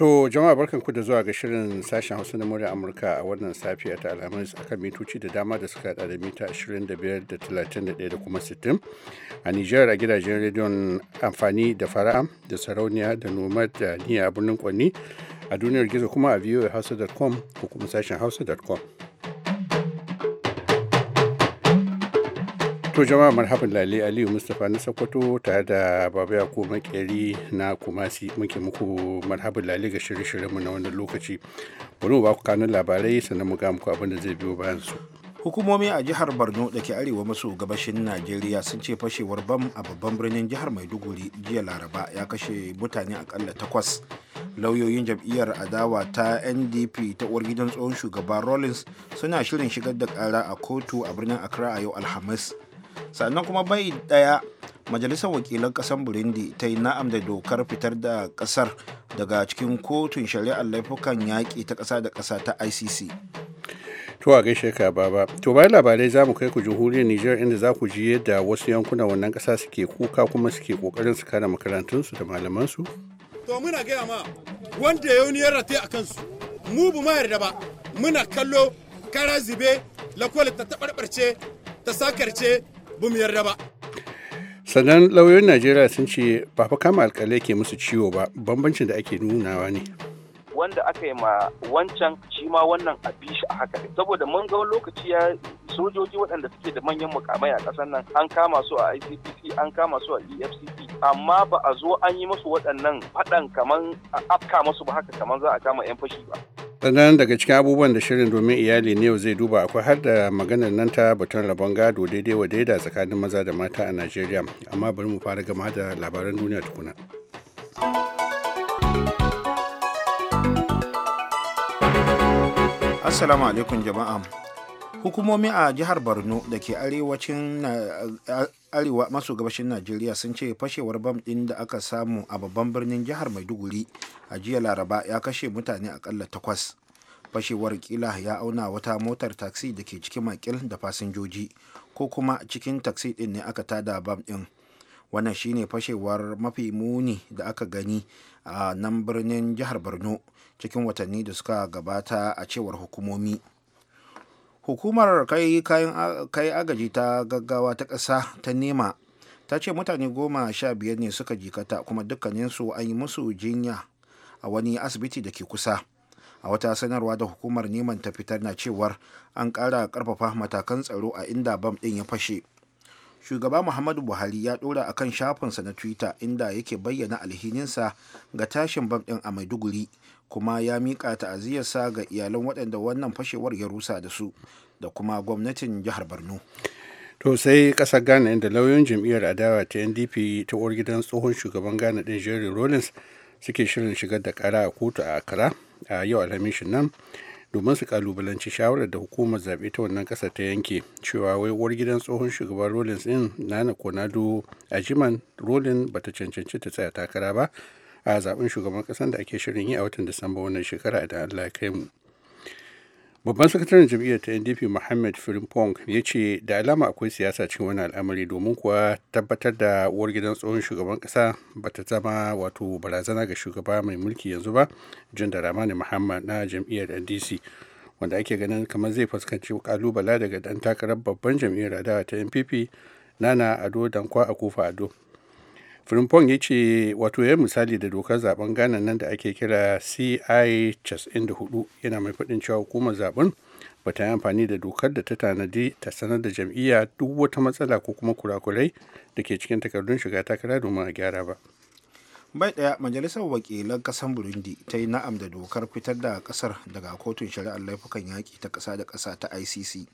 To jama'a barkan ku da zuwa ga shirin sashen Hausa na murya Amurka a wannan safiya ta alhamis akan mitoci da dama da suka hada da mita 25 da 31 da kuma 60 a Nijar a gidajen rediyon amfani da fara'a da sarauniya da noma da niya birnin kwanni a duniyar gizo kuma a voahausa.com ko kuma sashen hausa.com. To jama'a marhaban Lale Aliyu Mustapha na Sokoto tare da Baba Yakubu Makeri na Kumasi muke muku marhaban Lale ga shirye-shiryenmu na wannan lokaci. Bari mu ba ku kanun labarai sannan mu ga muku abin da zai biyo bayan su. Hukumomi a jihar Borno da ke arewa maso gabashin Najeriya sun ce fashewar bam a babban birnin jihar Maiduguri jiya Laraba ya kashe mutane akalla takwas. Lauyoyin jam'iyyar adawa ta NDP ta uwar gidan tsohon shugaba rollins suna shirin shigar da kara a kotu a birnin Accra a yau Alhamis. sannan kuma bai daya majalisar wakilan kasar burundi ta yi na'am da dokar fitar da kasar daga cikin kotun shari'ar laifukan yaƙi ta ƙasa da kasa ta icc to a gaishe ka baba to bayan labarai za mu kai ku jamhuriyar niger inda za ku ji yadda wasu yankunan wannan ƙasa suke kuka kuma suke kokarin su kare makarantunsu da malamansu to muna gaya ma wanda ya yi rate a kansu mu bu ma yarda ba muna kallo kara zube lakwal ta taɓarɓarce ta sakarce bu sannan lauyoyin najeriya sun ce ba fa kama alkalai ke musu ciwo ba bambancin da ake nunawa ne wanda aka yi ma wancan shi ma wannan a bi shi a haka saboda mun ga lokaci ya sojoji waɗanda suke da manyan mukamai a ƙasar nan an kama su a ICPC an kama su a EFCC amma ba a zo an yi musu waɗannan faɗan kaman afka musu ba haka kamar za a kama 'yan fashi ba sannan daga cikin abubuwan da shirin domin iyali ne zai duba akwai har da maganar nan ta batun rabon gado daidai wa daida tsakanin maza da mata a najeriya amma bari mu fara gama da labaran duniya tukuna assalamu alaikum jama'a hukumomi a jihar borno da ke arewacin arewa maso gabashin najeriya sun ce fashewar bam din da aka samu a babban birnin jihar maiduguri a jiya laraba ya kashe mutane akalla takwas fashewar kila ya auna wata motar taxi da ke cikin makil da fasinjoji ko kuma cikin taxi din ne aka tada bam din wannan shine fashewar mafi muni da aka gani a nan birnin jihar borno cikin watanni da suka gabata a cewar hukumomi hukumar kai kayan kai agaji ta gaggawa ta ƙasa ta nema ta ce mutane goma sha biyar ne suka jikata kuma dukkaninsu an yi musu jinya a wani asibiti da ke kusa a wata sanarwa da hukumar neman ta fitar na cewar an ƙara ƙarfafa matakan tsaro a inda bam ɗin ya fashe shugaba muhammadu buhari ya ɗora a kan shafinsa na twitter inda yake bayyana alhininsa ga tashin bam ɗin a maiduguri kuma ya miƙa ta'aziyarsa ga iyalan waɗanda wannan fashewar ya rusa da su da kuma gwamnatin jihar borno to sai ƙasar ghana inda lauyoyin jam'iyyar adawa ta ndp ta uwar gidan tsohon shugaban ghana ɗin jerry rawlings suke shirin shigar da ƙara a kotu a Accra a yau alhamishin nan domin su kalubalanci shawarar da hukumar zaɓe ta wannan ƙasa ta yanke cewa wai uwar gidan tsohon shugaban Rawlings ɗin nana konado ajiman rawlings bata cancanci ta tsaya takara ba a zaben shugaban ƙasar da ake shirin yi a watan Disamba wannan shekara da Allah ya kai mu. Babban sakataren jam'iyyar ta NDP Muhammad Frimpong ya ce da alama akwai siyasa cikin wani al'amari domin kuwa tabbatar da uwar gidan tsohon shugaban kasa ta zama wato barazana ga shugaba mai mulki yanzu ba jin da Ramani Muhammad na jam'iyyar NDC wanda ake ganin kamar zai fuskanci kalubala daga dan takarar babban jam'iyyar adawa ta NPP Nana Ado Dankwa kofa Ado Frimpong ya ce wato ya misali da dokar zaben Ghana nan da ake kira CI 94 yana mai faɗin cewa hukumar zaben ba ta yi amfani da dokar da ta tanadi ta sanar da jam'iyya duk wata matsala ko kuma kurakurai da ke cikin takardun shiga takara domin a gyara ba. bai daya majalisar wakilan kasan burundi ta yi na'am da dokar fitar da kasar daga kotun shari'ar laifukan yaƙi ta ƙasa da ƙasa ta icc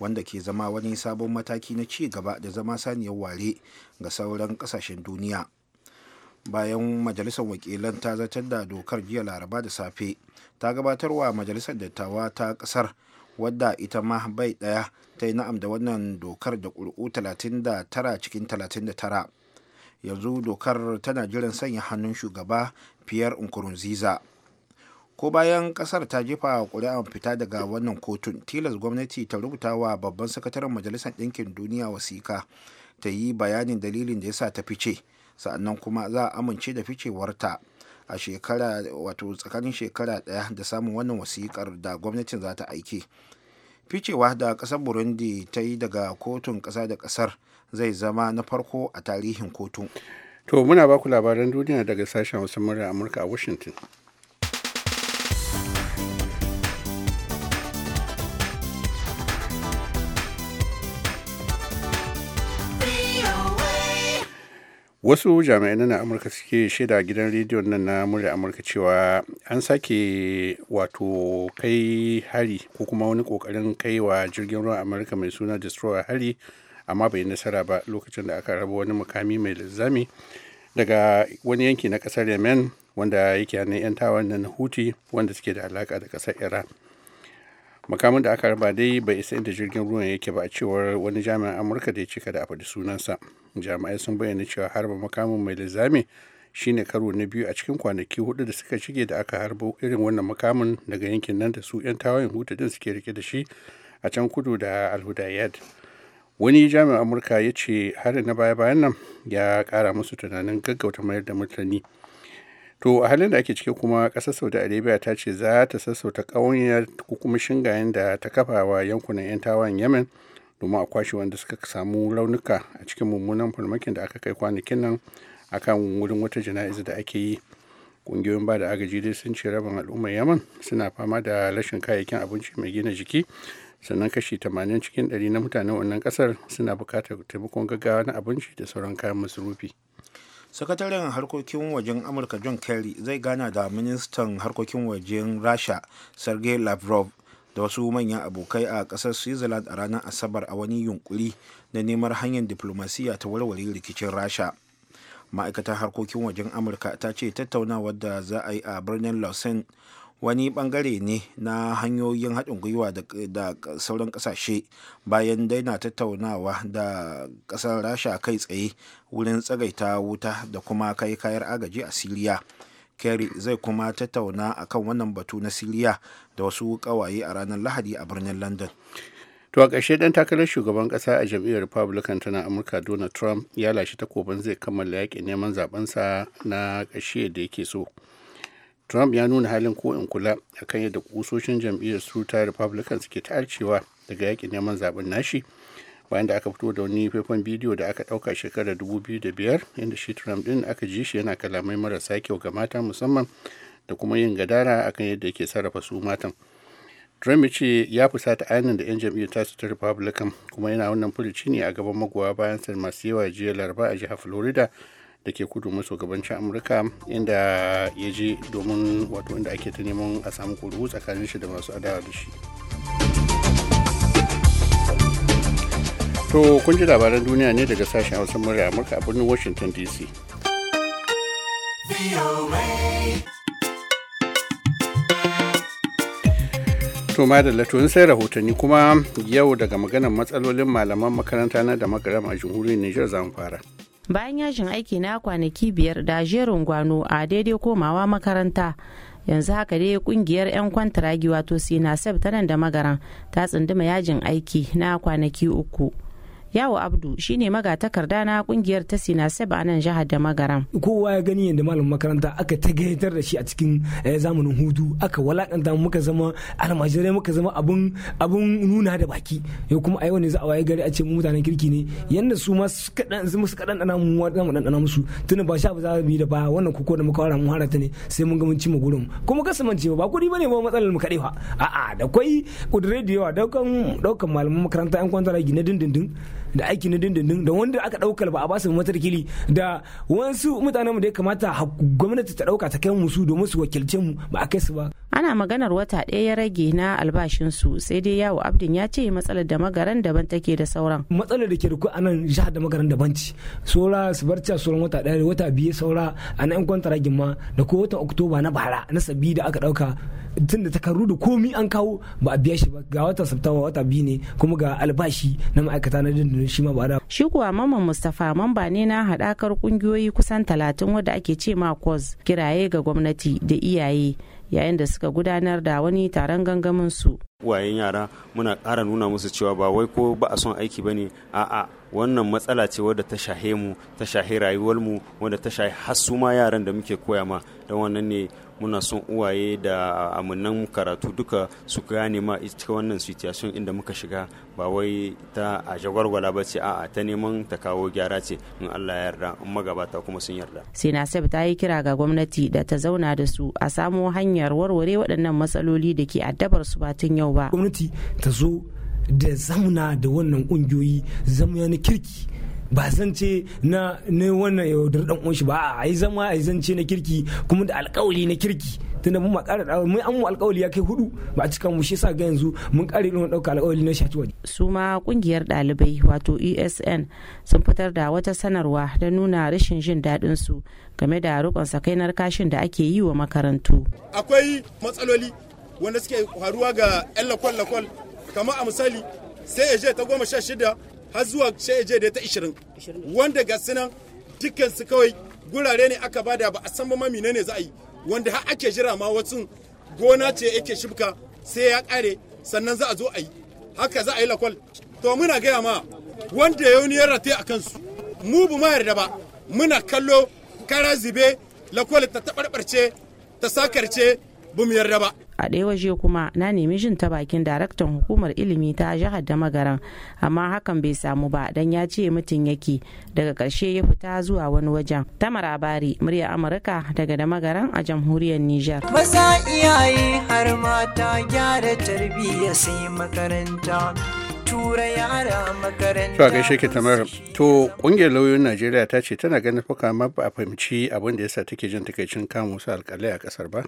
wanda ke zama wani sabon mataki na ci gaba da zama saniyar ware ga sauran kasashen duniya bayan majalisar wakilan ta zartar da dokar jiya laraba da safe ta gabatarwa majalisar dattawa ta kasar wadda ita ma bai daya ta yi na'am da wannan dokar da ƙuri'u 39 cikin 39 yanzu dokar tana jiran sanya hannun shugaba pierre nkurunziza ko bayan kasar ta jefa ƙuri'an fita daga wannan kotun tilas gwamnati ta rubuta wa babban sakataren majalisar ɗinkin duniya wasika ta yi bayanin dalilin da ya sa ta fice sa'annan kuma za a amince da ficewarta a shekara wato tsakanin shekara ɗaya da samun wannan wasikar da gwamnatin za ta aike ficewa da ƙasar burundi ta yi daga kotun ƙasa da ƙasar zai zama na farko a tarihin kotun to muna baku labaran duniya daga sashen wasu murar amurka a washington wasu jami'an na amurka suke shaida gidan rediyon nan na murya amurka cewa an sake wato kai hari ko kuma wani kokarin kai wa jirgin ruwan amurka mai suna destroyer hari amma bai nasara ba lokacin da aka rabu wani mukami mai linzami daga wani yanki na kasar yemen wanda yake hannun 'yan tawa nan huti wanda suke da alaka da kasar iran makamin da aka raba dai bai isa inda jirgin ruwan yake ba a cewar wani jami'an amurka da ya cika da a faɗi sunansa jami'ai sun bayyana cewa harba makamin mai lizami shine karo na biyu a cikin kwanaki hudu da suka shige da aka harbo irin wannan makamin daga yankin nan da su 'yan tawayen hutu din suke rike da shi a can kudu da alhudayad wani jami'in amurka ya ce harin na baya-bayan nan ya kara musu tunanin gaggauta mayar da mutane to a halin da ake cike kuma ƙasar saudi arabia ta ce za ta sassauta ƙauyen ko kuma shingayen da ta kafa wa yankunan 'yan tawayen yemen domin a kwashe wanda suka samu launuka a cikin mummunan farmakin da aka kai kwanakin nan a kan wurin wata jana'iza da ake yi kungiyoyin ba da agaji dai sun ce rabin al'ummar yaman suna fama da rashin kayayyakin abinci mai gina jiki sannan kashi 80 cikin 100 na mutanen wannan kasar suna bukatar taimakon gaggawa na abinci da sauran kayan masarufi sakataren harkokin wajen amurka john kerry zai gana da ministan harkokin wajen rasha sergei lavrov da wasu manyan abokai a ƙasar switzerland a ranar asabar a wani yunkuri na neman hanyar diplomasiya ta warware rikicin rasha ma'aikatar harkokin wajen amurka ta ce tattaunawar da za a yi a birnin lausanne wani bangare ne na hanyoyin haɗin gwiwa da sauran ƙasashe bayan daina tattaunawa da ƙasar rasha kai tsaye wurin tsagaita wuta da kuma kai kayar agaji a siriya kerry zai kuma tattauna akan wannan batu na siriya da wasu kawaye a ranar lahadi a birnin london to a ƙarshe ɗan takarar shugaban ƙasa a jam'iyyar republican tana amurka donald trump ya lashe takobin zai kammala yaƙin neman zaɓensa na ƙarshe da yake so trump ya nuna halin ko in kula akan yadda kusoshin jam'iyyar su ta republican suke ta'arcewa daga yakin neman zaɓen nashi bayan da aka fito da wani faifan bidiyo da aka ɗauka shekarar 2005 inda shi trump din aka ji shi yana kalamai marasa kyau ga mata musamman da kuma yin gadara akan yadda yake sarrafa su matan trump ce ya fusata ainihin da 'yan jam'iyyar tasu ta republican kuma yana wannan furuci ne a gaban magoya bayan sa masu yawa jiya laraba a jihar florida da ke kudu maso gabancin amurka inda ya je domin wato inda ake ta neman a samu kuri'u tsakanin shi da masu adawa da shi To kun ji labaran duniya ne daga sashen Hausa murya Amurka a birnin Washington DC. to madalla to sai rahotanni kuma yau daga maganar matsalolin malaman makaranta na da magaram a jamhuriyar Nijar zamu fara. Bayan yajin aiki na kwanaki biyar da jerin gwano a daidai komawa makaranta yanzu haka dai kungiyar 'yan kwantaragi wato sinasef ta nan da magaran ta tsunduma yajin aiki na kwanaki uku. yawo abdu shine magatakarda na kungiyar ta sinaseb a nan jihar da magaram kowa ya gani yadda malamin makaranta aka ta gayyatar da shi a cikin eh, zamanin hudu aka walakanta muka zama almajirai muka zama abun abun nuna da baki yau kuma a wani ne za a waye gari a ce mu mutanen kirki ne yanda su ma su kadan su musu dan dana mu wadana dan dana musu tun ba sha ba za mu yi da ba wannan kuko da muka fara mu harata ne sai mun ga mun ci mu gurin kuma kasance ba kudi bane ba matsalar mu kadewa a'a da kwai kudurai da yawa daukan daukan malamin makaranta yan kwantara gine dindindin da aiki na dindindin da wanda aka ɗaukar ba a basu kili da wasu mutanen mu da ya kamata gwamnati ta ɗauka ta kai musu domin su wakilce mu ba a kai su ba ana maganar wata ɗaya ya rage na albashinsu sai dai yawo abdin ya ce matsalar da magaran daban take da sauran matsalar da ke da a nan jihar da magaran daban ce saura su barca sauran wata ɗaya wata biyu saura a nan kwantaragin ma da ko watan oktoba na bara na sabi da aka ɗauka tun da takardu da komi an kawo ba a biya shi ba ga watan saptawa wata biyu ne kuma ga albashi na ma'aikata na dindindin shi ma ba da shi kuwa mamman mustapha mamba ne na haɗakar ƙungiyoyi kusan talatin wadda ake ce ma kiraye ga gwamnati da iyaye yayin da suka gudanar da wani taron gangamin su wayan yara muna kara nuna musu cewa ba wai ko ba a son aiki ba ne a'a wannan matsala ce wadda ta shahe mu ta shahe rayuwar mu wadda ta shahe har suma yaran da muke koya ma don wannan ne muna son uwaye da amunan karatu duka su gane ma cikin wannan situation inda muka shiga ba wai ta a jagwargwala ba ce a'a ta neman ta kawo gyara ce in Allah ya yarda in magabata kuma sun yarda sai ta yi kira ga gwamnati da ta zauna da su a samo hanyar warware waɗannan matsaloli da ke addabar su ba tun yau ba gwamnati ta zo da zamuna da wannan ƙungiyoyi zamuna na kirki ba zance na ne wannan yaudar dan uwan shi ba a yi zama a yi zance na kirki kuma da alkawali na kirki tunda mun kara da mun an mu alkawali ya kai hudu ba a cikin mu shi sa ga yanzu mun kare irin dauka alkawali na shaci waje su ma kungiyar dalibai wato ESN sun fitar da wata sanarwa da nuna rashin jin dadin su game da rukun sakainar kashin da ake yi wa makarantu akwai matsaloli wanda suke faruwa ga 'yan lakwal-lakwal kamar a misali sai ya je ta goma sha shida har zuwa sheje da ta 20 wanda ga sunan dukkan su kawai gurare ne aka bada ba a san ba mamina ne za a yi wanda har ake jira ma wasu gona ce yake shibka sai ya kare sannan za a zo a yi haka za a yi lakwal to muna gaya ma wanda ya wani a kansu mu bu ma yarda ba muna kallo kara zibe lakwal ta tabarbarce ta sakarce bu mu yarda ba a ɗaya waje kuma na nemi jin ta bakin daraktan hukumar ilimi ta jihar da magaran amma hakan bai samu ba dan ya ce mutum yake daga ƙarshe ya fita zuwa wani wajen tamara bari murya amurka daga da magaran a jamhuriyar niger maza iyaye har mata gyara tarbiyya sai makaranta tura yara makaranta. gaishe To kungiyar lauyoyin Najeriya ta ce tana ganin fuka ma ba a fahimci abin da yasa take jin takaicin kamusa su a ƙasar ba.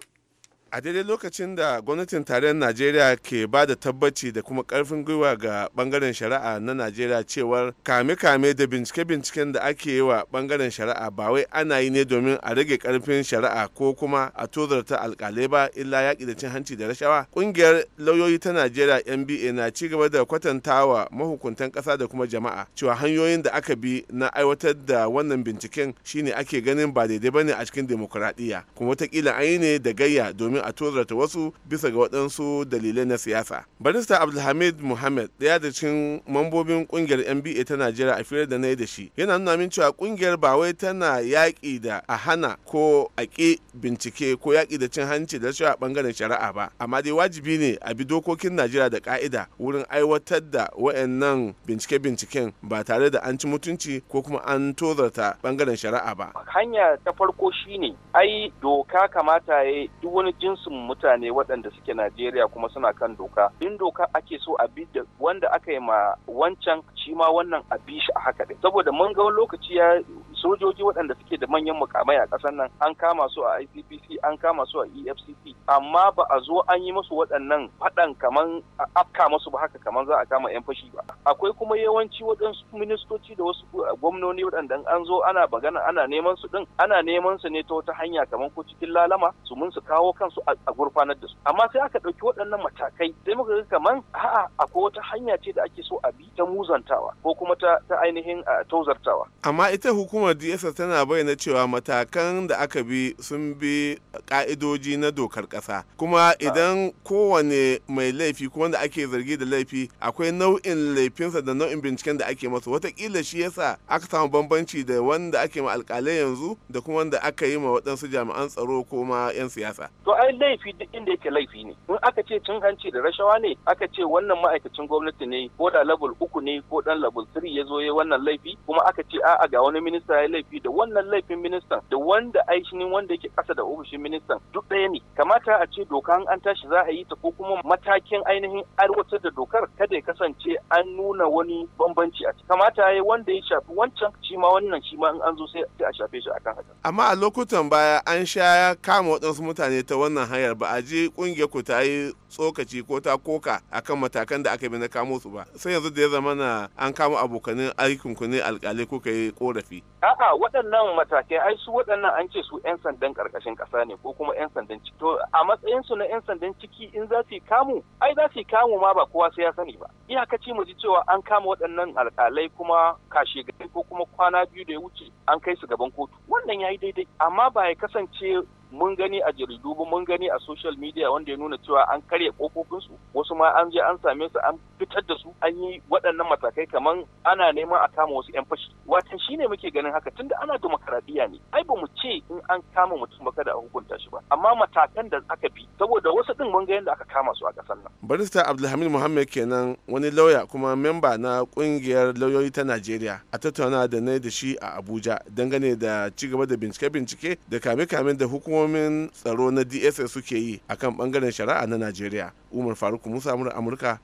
a daidai lokacin da gwamnatin tarayyar najeriya ke ba da tabbaci da kuma karfin gwiwa ga bangaren shari'a na najeriya cewar kame-kame da bincike-binciken da ake yi wa bangaren shari'a ba wai ana yi ne domin a rage karfin shari'a ko kuma a tozarta alkalai ba illa yaƙi da cin hanci da rashawa ƙungiyar lauyoyi ta najeriya nba na ci gaba da kwatantawa mahukuntan ƙasa da kuma jama'a cewa hanyoyin da aka bi na aiwatar da wannan binciken shine ake ganin ba daidai bane a cikin demokuraɗiyya kuma watakila an yi ne da gayya domin domin a tozarta wasu bisa ga waɗansu dalilai na siyasa barista abdulhamid muhammad ɗaya da cikin mambobin ƙungiyar nba ta najeriya a fiye da na da shi yana nuna min cewa ƙungiyar ba wai tana yaƙi da a hana ko a ƙi bincike ko yaƙi da cin hanci da rashawa a ɓangaren shari'a ba amma dai wajibi ne a bi dokokin najeriya da ƙa'ida wurin aiwatar da waɗannan bincike-binciken ba tare da an ci mutunci ko kuma an tozarta ɓangaren shari'a ba hanya ta farko shine ai doka kamata ya duk wani jinsin mutane waɗanda suke Najeriya kuma suna kan doka. In doka ake so a bi da wanda aka yi ma wancan shi ma wannan a bi shi a haka ɗin. Saboda mun ga lokaci ya sojoji waɗanda suke da manyan mukamai a ƙasar nan an kama su a ICPC an kama su a EFCC amma ba a zo an yi musu waɗannan faɗan kaman afka musu ba haka kaman za a kama 'yan fashi ba. Akwai kuma yawanci waɗansu ministoci da wasu gwamnoni waɗanda an zo ana bagana ana neman su ɗin ana neman su ne ta wata hanya kaman ko cikin lalama su mun su kawo kansu su a gurfanar da su amma sai aka ɗauki waɗannan matakai sai muka ga kaman a'a akwai wata hanya ce da ake so a bi ta muzantawa ko kuma ta ainihin tauzartawa amma ita hukumar DSS tana bayyana cewa matakan da aka bi sun bi ka'idoji na dokar ƙasa kuma idan kowane mai laifi ko wanda ake zargi da laifi akwai nau'in laifinsa da nau'in binciken da ake masa watakila shi yasa aka samu bambanci da wanda ake ma alƙalai yanzu da kuma wanda aka yi ma waɗansu jami'an tsaro ko ma 'yan siyasa. To ai laifi duk inda yake laifi ne in aka ce cin hanci da rashawa ne aka ce wannan ma'aikacin gwamnati ne ko da level uku ne ko dan level 3 ya zo ya wannan laifi kuma aka ce a'a ga wani minista ya laifi da wannan laifin ministan da wanda aishinin wanda yake kasa da ofishin ministan duk ɗaya ne kamata a ce doka an tashi za a yi ta ko kuma matakin ainihin aiwatar da dokar kada ya kasance an nuna wani bambanci a kamata ya yi wanda ya shafi wancan shi ma wannan shi ma in an zo sai a shafe shi akan haka amma a lokutan baya an sha kama waɗansu mutane ta wannan wannan hanyar ba a je kungiyar ku ta yi tsokaci ko ta koka akan matakan da aka bi na kamo su ba sai yanzu da ya zama na an kamo abokanin aikin ku ne alkalai ko yi korafi a'a waɗannan matakai ai su waɗannan an ce su 'yan sandan ƙarƙashin ƙasa ne ko kuma 'yan sandan ciki to a matsayin su na 'yan sandan ciki in za su yi kamu ai za su kamu ma ba kowa sai ya sani ba iyakaci mu ji cewa an kama waɗannan alkalai kuma kashe gari ko kuma kwana biyu da ya wuce an kai su gaban kotu wannan ya yi daidai amma ba ya kasance mun gani a jaridu mun gani a social media wanda ya nuna cewa an karya kofofinsu wasu ma an je an same su an fitar da su an yi waɗannan matakai kamar ana neman a kama wasu 'yan fashi watan ne muke ganin haka tunda ana demokaradiyya ne ai ba mu ce in an kama mutum ba kada a hukunta shi ba amma matakan da aka bi saboda wasu din mun ga yadda aka kama su a kasar nan barista abdulhamid muhammad kenan wani lauya kuma memba na kungiyar lauyoyi ta najeriya a tattauna da na da shi a abuja dangane da cigaba da bincike-bincike da kame-kamen da hukumar hukumomin tsaro na dss suke yi akan bangaren shari'a na najeriya umar faruk musa amurka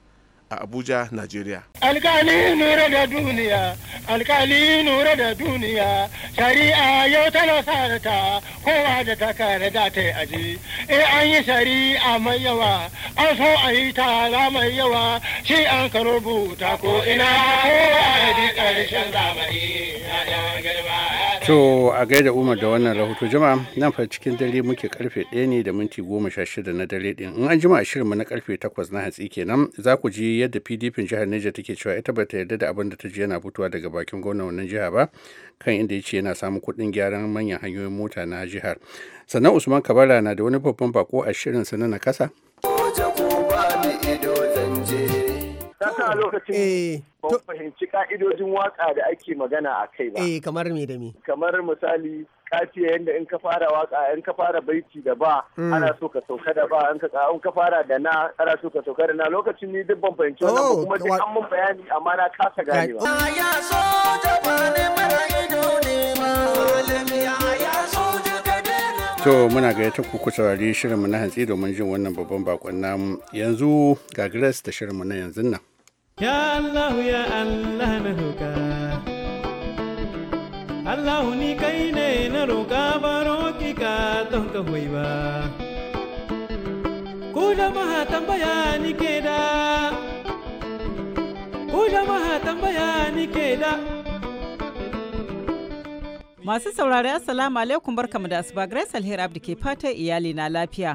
a abuja nigeria alkali nura da duniya alkali nura da duniya shari'a yau tana ta kowa da ta kare da ta aji e an yi shari'a mai yawa an so a yi tara mai yawa shi an ka rubuta ko ina kowa ya ji karshen zamani girma To a gaida Umar da wannan rahoto jama'a nan fa cikin dare muke karfe 1 ne da minti goma sha 16 na dare din. In an jima a shirinmu na karfe 8 na hatsi kenan za ku ji yadda pdp jihar niger take cewa ita bata yarda da abin da ta ji yana fitowa daga bakin gwamnan wannan jiha ba kan inda ya ce yana samun kuɗin gyaran manyan hanyoyin mota na jihar sannan usman kabara na da wani babban bako a shirin sa na nakasa a lokacin eh, ba fahimci ka'idojin waka da ake magana a kai ba. Eh kamar me da me? Kamar misali kafiya yadda in ka fara waka in ka fara baiti da ba mm. ana so ka sauka da ba in ka in ka fara da na ana so ka sauka da na lokacin ni duk ban fahimci wannan ba oh, kuma duk an mun bayani amma na kasa ganewa. Ya so ta bani mara ido ne ma To muna gayyata ku ku saurari shirinmu na hantsi domin jin wannan babban bakon namu yanzu ga Grace da shirinmu na yanzu nan. Ya Allah ya Allah na roka. Allah ni kai ne na roƙa baro ki ka don ka hoyi ba Ku jama'a tambaya ni ke da Ku jama'a tambaya ni ke da Masu saurari Assalamu alaikum barkamu da asuba Grace Alheri Abdi ke fata iyali na lafiya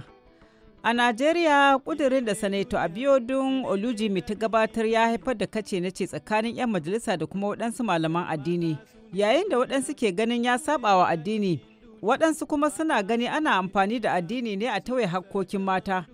A Najeriya kudirin da Sanato Abiodun Olujimi ta gabatar ya haifar da kace na ce tsakanin 'yan majalisa da kuma waɗansu malaman addini. Yayin da waɗansu ke ganin ya saba wa addini, waɗansu kuma suna gani ana amfani da addini ne a tauye hakkokin mata.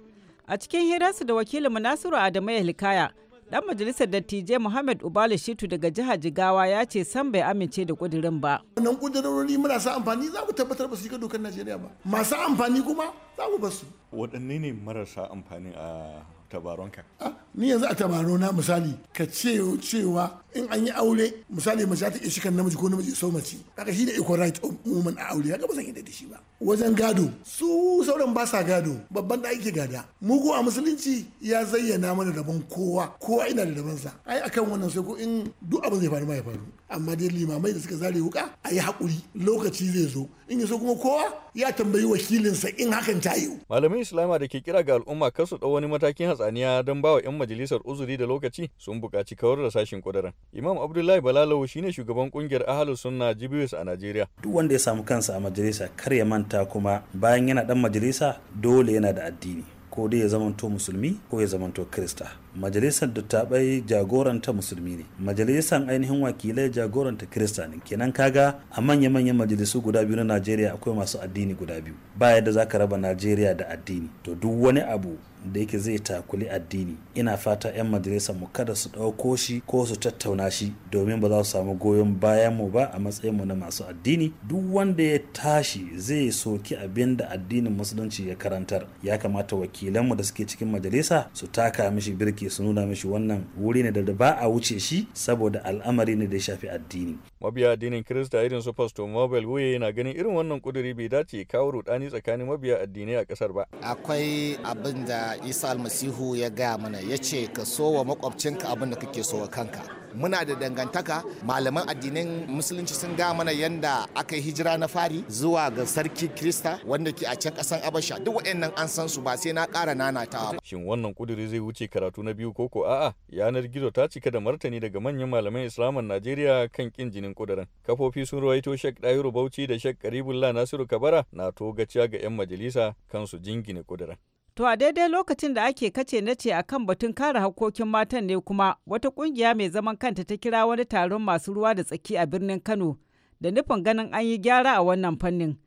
A cikin hirarsu da wakilin Nasiru Adamu Hilkaya, Dan majalisar dattijai Muhammad Ubali Shitu daga jihar Jigawa ya ce san bai amince da kudirin ba. Wannan kudirori muna sa amfani za ku tabbatar ba su shiga dokar Najeriya ba. Masu amfani kuma za ku basu. Waɗanne ne marasa amfani a tabaronka? Ah, ni yanzu a tamaro na misali ka ce cewa in an yi aure misali mace ta ke kan namiji ko namiji so mace kaga shi da equal right of woman a aure kaga ba san yadda da shi ba wajen gado su sauran ba sa gado babban da ake gada Mugu a musulunci ya zayyana mana rabon kowa kowa ina da rabon sa ai akan wannan sai ko in duk abin zai faru ma ya faru amma dai limamai da suka zare wuka a yi haƙuri lokaci zai zo in ya so kuma kowa ya tambayi wakilinsa in hakan ta yiwu. malamin islama da ke kira ga al'umma kar su ɗau wani matakin hatsaniya don bawa 'yan majalisar uzuri da lokaci sun buƙaci kawar da sashin kudurin imam abdullahi balalawo shine shugaban kungiyar ahalu sunna jibiris a najeriya duk wanda ya samu kansa a majalisa kar ya manta kuma bayan yana ɗan majalisa dole yana da addini ko dai ya zamanto musulmi ko ya zamanto kirista majalisar da ta bai jagoranta musulmi ne majalisar ainihin wakilai jagoranta kirista ne kenan kaga a manya-manyan majalisu guda biyu na najeriya akwai masu addini guda biyu ba yadda za ka raba najeriya da addini to duk wani abu da yake zai takuli addini ina fata 'yan majalisar mu kada su ɗauko shi ko su tattauna shi domin ba za su samu goyon bayan mu ba a matsayin mu na masu addini duk wanda ya tashi zai soki abin da addinin musulunci ya karantar ya kamata wakilanmu da suke cikin majalisa su taka mishi birki ke su nuna mishi wannan wuri ne da ba a wuce shi saboda al'amari ne da ya shafi addini mabiya addinin kirista irin su Pasto mobile wuye yana ganin irin wannan kuduri bai dace kawo rudani tsakanin mabiya addinai a kasar ba akwai abin da isa almasihu ya gaya mana ya ce ka so wa makwabcinka abin da kake so wa kanka muna da dangantaka malaman addinin musulunci sun ga mana yanda aka yi hijira na fari zuwa ga sarki krista wanda ke a can kasan abasha duk waɗannan an san su ba sai na ƙara nanatawa ba shin wannan kuduri zai wuce karatu na biyu koko a'a yanar gizo ta cika da martani daga manyan malaman islaman najeriya kan kin jinin kudurin kafofi sun ruwaito shek dahiru bauchi da shek karibullah nasiru kabara na togaciya ga 'yan majalisa kansu jingine kudurin To a daidai lokacin da ake kace na ce akan batun kare hakkokin matan ne kuma wata kungiya mai zaman kanta ta kira wani taron masu ruwa da tsaki a birnin Kano da nufin ganin an yi gyara a wannan fannin.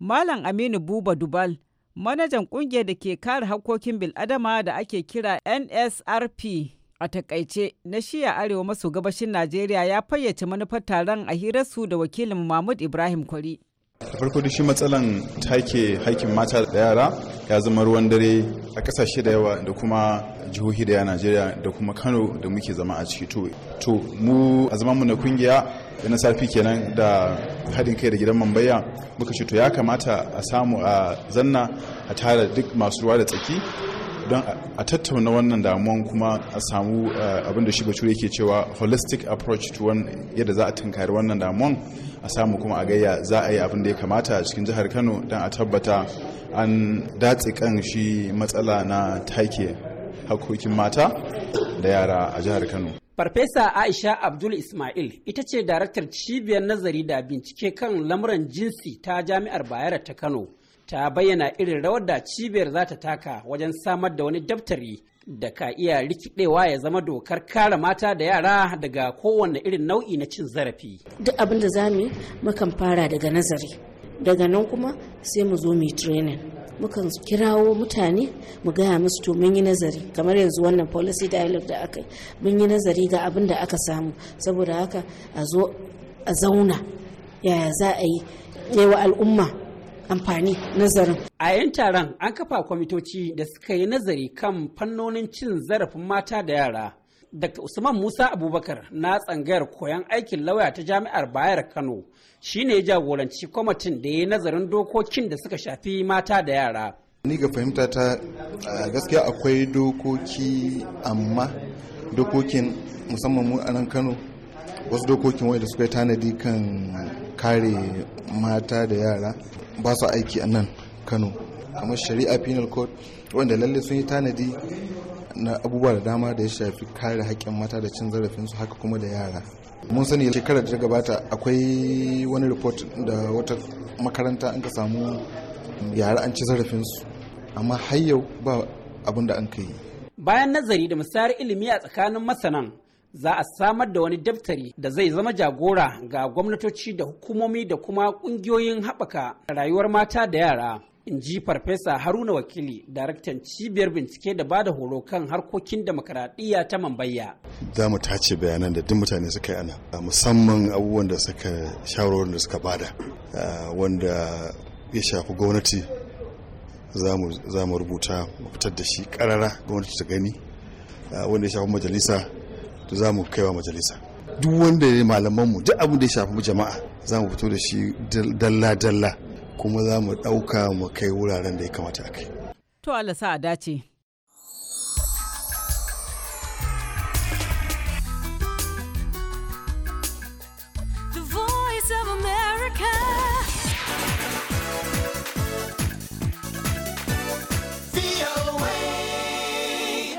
Malam Aminu Buba Dubal, manajan kungiyar da ke kare hakkokin bil'adama da ake kira NSRP a takaice na shiya arewa maso gabashin Najeriya ya fayyace manufar taron a hirarsu da wakilin Mahmud Ibrahim Kwari. da farko da shi matsalan take haikin mata da yara ya zama ruwan dare a ƙasashe da yawa da kuma jihohi da ya najeriya da kuma kano da muke zama a ciki to mu a zaman mu na kungiya da na safi kenan da haɗin kai da gidan mambaya muka ce to ya kamata a samu a zanna a tara duk masu ruwa da tsaki don a tattauna wannan damuwan kuma a samu eh, abin da shi bature yake cewa holistic approach to yadda za a tunkari wannan damuwan a samu kuma a gayya za a yi abin da ya kamata cikin jihar kano don a tabbata an datse kan shi matsala na take hakokin mata da yara a jihar kano Farfesa Aisha Abdul Ismail ita ce daraktar cibiyar nazari da bincike kan lamuran jinsi ta jami'ar Bayero ta Kano ta bayyana irin rawar da cibiyar za ta taka wajen samar da wani daftari da ka iya rikidewa ya zama dokar kare mata da yara daga kowane irin nau'i na cin zarafi. Duk abin da za yi mukan fara daga nazari. Daga nan kuma sai mu zo mu yi training. mukan kirawo mutane mu gaya musu to mun yi nazari kamar yanzu wannan policy dialogue da aka mun yi nazari ga abin da aka samu saboda haka a zo a zauna yaya za a yi yawa al'umma amfani nazarin. A 'yan taron an kafa kwamitoci da suka yi nazari kan fannonin cin zarafin mata da yara. Dr. Usman Musa Abubakar na tsangayar koyon aikin lauya ta Jami'ar Bayar Kano shi ne jagoranci kwamitin da ya yi nazarin dokokin da suka shafi mata da yara. Ni ga fahimta ta gaskiya akwai dokoki amma dokokin musamman mu a nan Kano wasu dokokin wanda suka yi tanadi kan kare mata da yara ba su aiki a nan kano kamar shari'a penal code wanda lalle sun yi tanadi na abubuwa da dama da ya shafi kare haƙƙin mata da cin zarafinsu haka kuma da yara mun sani shekarar da ta gabata akwai wani report da wata makaranta an ka samu yara an ci zarafinsu amma har yau ba abin da an ka bayan nazari da musayar ilimi a tsakanin masanan za a samar da wani daftari da zai zama jagora ga gwamnatoci da hukumomi da kuma kungiyoyin haɓaka rayuwar mata da yara in ji farfesa haruna wakili daraktan cibiyar bincike da bada horo kan harkokin demokaradiyya ta mambayya za mu tace bayanan da duk mutane suka yi ana musamman abubuwan da suka shawarwarin da suka bada wanda ya shafi gwamnati za mu rubuta mu da shi karara gwamnati ta gani wanda ya shafi majalisa to za mu kaiwa majalisa duk wanda ya mu duk abin da ya shafi jama'a za mu fito da shi dalla-dalla kuma za mu ɗauka mu kai wuraren da ya kamata a kai. To Allah sa a dace.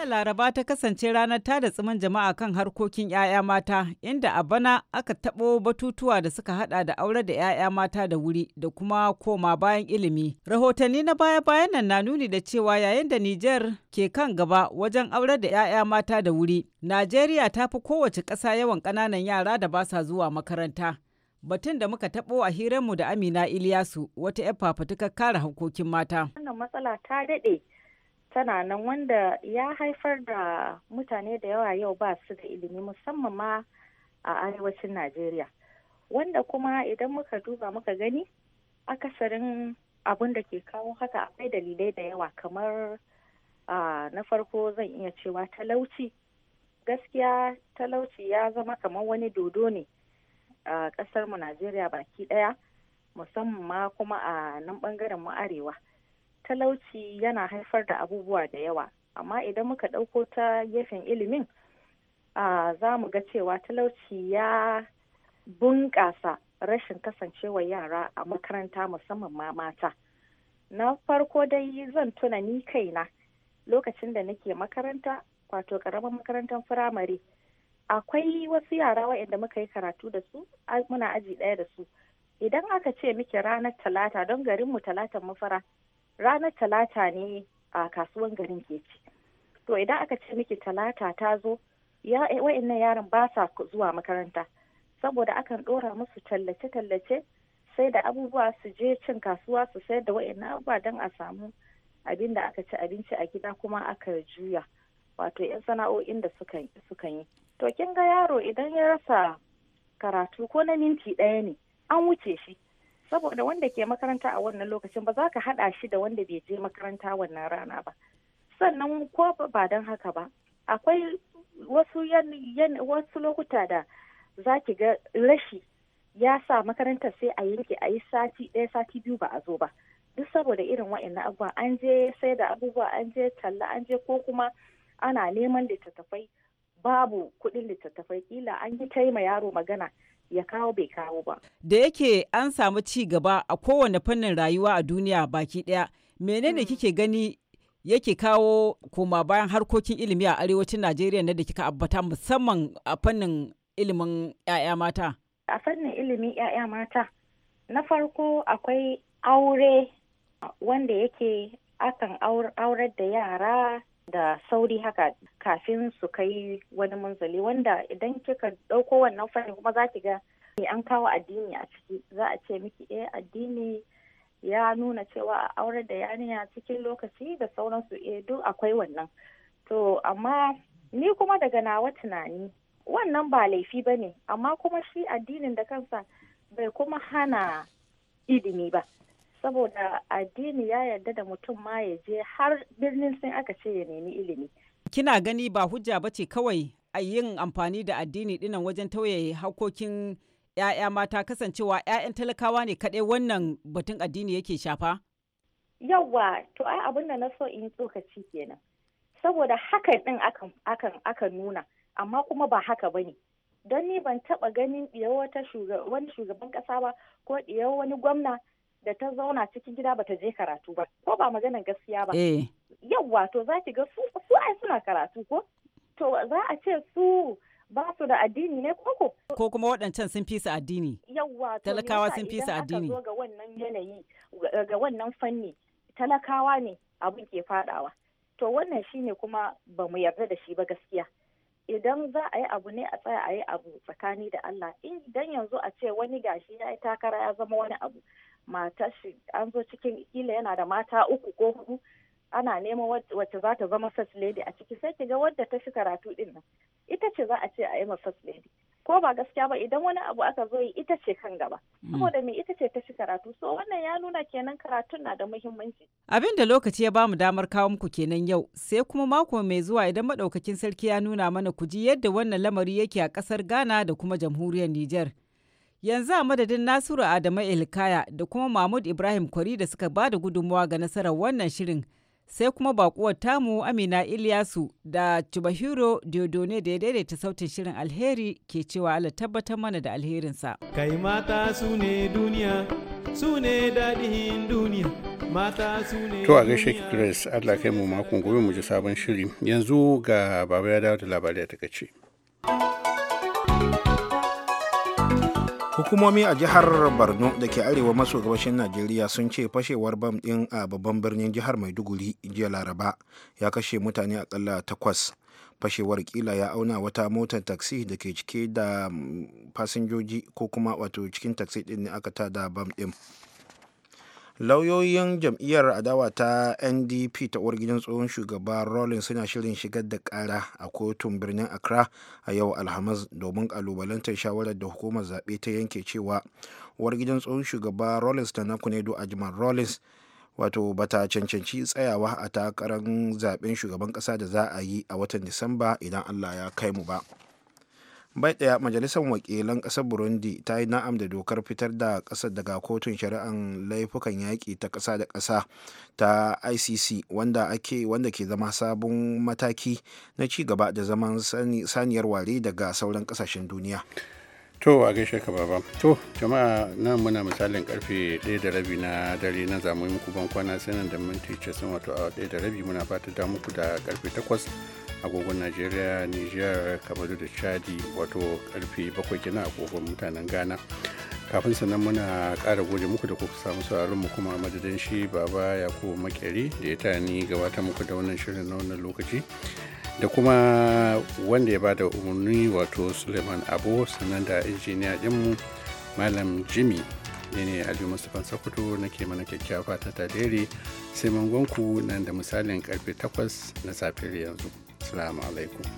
Laraba ta kasance ranar tada tsimin jama'a kan harkokin 'ya'ya mata, inda a bana aka taɓo batutuwa da suka hada da aure da 'ya'ya mata da wuri da kuma koma bayan ilimi. Rahotanni na baya-bayan nan na nuni da cewa yayin da Nijar ke kan gaba wajen aure da 'ya'ya mata da wuri, Najeriya ta fi kowace ƙasa yawan ƙananan yara da ba sa zuwa makaranta. batun da muka tabo a hiranmu da Amina Iliyasu wata 'yar fafutukar kare harkokin mata. Wannan matsala ta daɗe tana nan wanda ya haifar da mutane da yawa yau ba su da ilimi musamman ma a arewacin najeriya wanda kuma idan muka duba muka gani akasarin abin da ke kawo haka akwai dalilai da yawa kamar na farko zan iya cewa talauci gaskiya talauci ya zama kamar wani dodo ne a mu najeriya baki daya musamman ma kuma a nan bangaren mu arewa talauci yana haifar da abubuwa da yawa amma idan muka ɗauko ta gefen ilimin za mu ga cewa talauci ya bunƙasa rashin kasancewa yara a makaranta musamman ma mata na farko dai zan tuna ni kaina lokacin da nake makaranta wato ƙaramin makarantar firamare akwai wasu yara waɗanda muka yi karatu da su muna aji ɗaya da su idan aka ce miki ranar talata don garinmu talatan mafara ranar talata ne a kasuwan garin ke ci to idan aka ce miki talata ta zo ya eh, wa'annan yaran ba sa zuwa makaranta saboda akan ɗora musu tallace-tallace sai da abubuwa su je cin kasuwa su sayar da wa'annan abubuwa don a samu abin da aka ci abinci a gida kuma aka juya wato 'yan sana'o'in da suka yi to kin ga yaro idan ya rasa karatu ko na minti ɗaya ne an wuce shi saboda wanda ke makaranta a wannan lokacin ba za ka haɗa shi da wanda bai je makaranta wannan rana ba sannan ko ba don haka ba akwai wasu wasu lokuta da za ki ga rashi ya sa makarantar sai a yanke a yi sati ɗaya sati biyu ba a zo ba duk saboda irin wa'annan abubuwa an je sai da abubuwa an je talla an je ko kuma ana neman littattafai babu kuɗin littattafai kila an yi taima yaro magana ya kawo bai kawo ba. Da yake an samu ci gaba a kowane fannin rayuwa a duniya baki ɗaya, menene hmm. kike gani yake kawo koma bayan harkokin ilimi a arewacin Najeriya na da kika abbata musamman a fannin ilimin 'ya'ya mata? A fannin ilimin 'ya'ya mata, na farko akwai aure wanda yake akan aurar da yara da sauri haka kafin su kai wani munzali wanda idan kika ɗauko wannan fanni kuma za ki ga an kawo addini a ciki za a ce miki eh addini ya nuna cewa a aure da yarinya cikin lokaci da sauransu eh duk akwai wannan to amma ni kuma daga nawa tunani wannan ba laifi ba ne amma kuma shi addinin da kansa bai kuma hana ilimi ba saboda addini ya yarda da mutum ma ya je har birnin sun aka ce ya nemi ilimi. Kina gani ba hujja ba ce kawai a yin amfani da addini dinan wajen tauye hakokin ‘ya'ya mata kasancewa ‘ya'yan talakawa ne kaɗai wannan batun addini yake shafa? Yawwa, to ai abin da na so in yi tsokaci kenan. Saboda haka ɗin aka aka nuna, amma kuma ba haka ba ne. don ni ban taɓa ganin ɗiyar wani shugaban ƙasa ba ko ɗiyar wani gwamna da ta zauna cikin gida bata je karatu ba ko ba maganan gaskiya ba eh. yawwa to za ki ga su su ai suna karatu ko to za a ce su ba su da addini ne koko ko kuma waɗancan sun fi su addini yawwa talakawa sun fi su addini ga wannan yanayi ga wannan fanni talakawa ne abin ke fadawa to wannan shine kuma ba mu yarda da shi ba gaskiya idan za a yi abu ne a tsaya a yi abu tsakani da Allah idan yanzu a ce wani gashi ya yi takara ya zama wani abu matar shi an zo cikin kila yana da mata uku ko hudu ana neman wacce za ta zama first lady a ciki sai ki ga wadda ta fi karatu din nan ita ce za a ce a yi ma first lady ko ba gaskiya ba idan wani abu aka zo yi ita ce kan gaba mm. saboda me ita ce ta fi karatu so wannan ya nuna kenan karatun na da muhimmanci abin da lokaci ya bamu damar kawo muku kenan yau sai kuma mako mai zuwa idan madaukakin sarki ya nuna mana ku ji yadda wannan lamari yake a kasar Ghana da kuma jamhuriyar Nijar. Yanzu a madadin Nasiru Adamu ilkaya da kuma Mahmud Ibrahim Kwari da suka ba da gudunmawa ga nasarar wannan shirin. sai kuma bakuwar tamu amina iliyasu da chubahiro diodone da ya daidaita sautin shirin alheri ke cewa ala tabbatar mana da alherinsa kai mata su ne duniya su ne daɗin duniya mata su ne to a gaishe grace allah kai mu makon gobe mu ji sabon shiri yanzu ga baba ya dawo da labarai a takaice hukumomi a jihar borno da ke arewa maso gabashin najeriya sun ce fashewar bam din a babban birnin jihar maiduguri jiya laraba ya kashe mutane akalla takwas fashewar kila ya auna wata motar taksi da ke cike da fasinjoji ko kuma wato cikin taksi din ne aka tada bam din lauyoyin jam'iyyar adawa ta ndp ta uwar gidan tsohon shugaba rawlings suna shirin shigar da kara a kotun birnin accra a yau alhamis domin kalubalantar shawarar da hukumar zaɓe ta yanke cewa uwar gidan tsohon shugaba rawlings ta nakunedo ajman rawlings wato bata cancanci tsayawa a takarar zaɓen shugaban ƙasa da za a yi a watan disamba idan allah ya kai mu ba bai daya majalisar wakilan kasar burundi ta yi na'am da dokar fitar da kasar daga kotun shari'an laifukan yaƙi ta ƙasa da ƙasa ta icc wanda ake wanda ke zama sabon mataki na ci gaba da zaman saniyar ware daga sauran ƙasashen duniya To a gaishe ka baba. To jama'a nan muna misalin karfe 1 da rabi na dare na zamu yi muku bankwana sanan da minti 90 wato a 1 da rabi muna fata da muku da karfe 8 agogon Najeriya, Niger, Kamaru da Chadi wato karfe 7 kenan agogon mutanen Ghana. kafin sannan muna ƙara gode muku da kuka samu sauraron mu kuma madadin shi baba yakubu makeri da ya tani gabata muku da wannan shirin na wannan lokaci da kuma wanda ya bada umarni wato suleiman abu sannan da injiniya dinmu malam jimmy ne ne aliyu mustapha sokoto nake mana kyakkyawa fata ta dare sai mangonku nan da misalin karfe 8 na safiyar yanzu salamu alaikum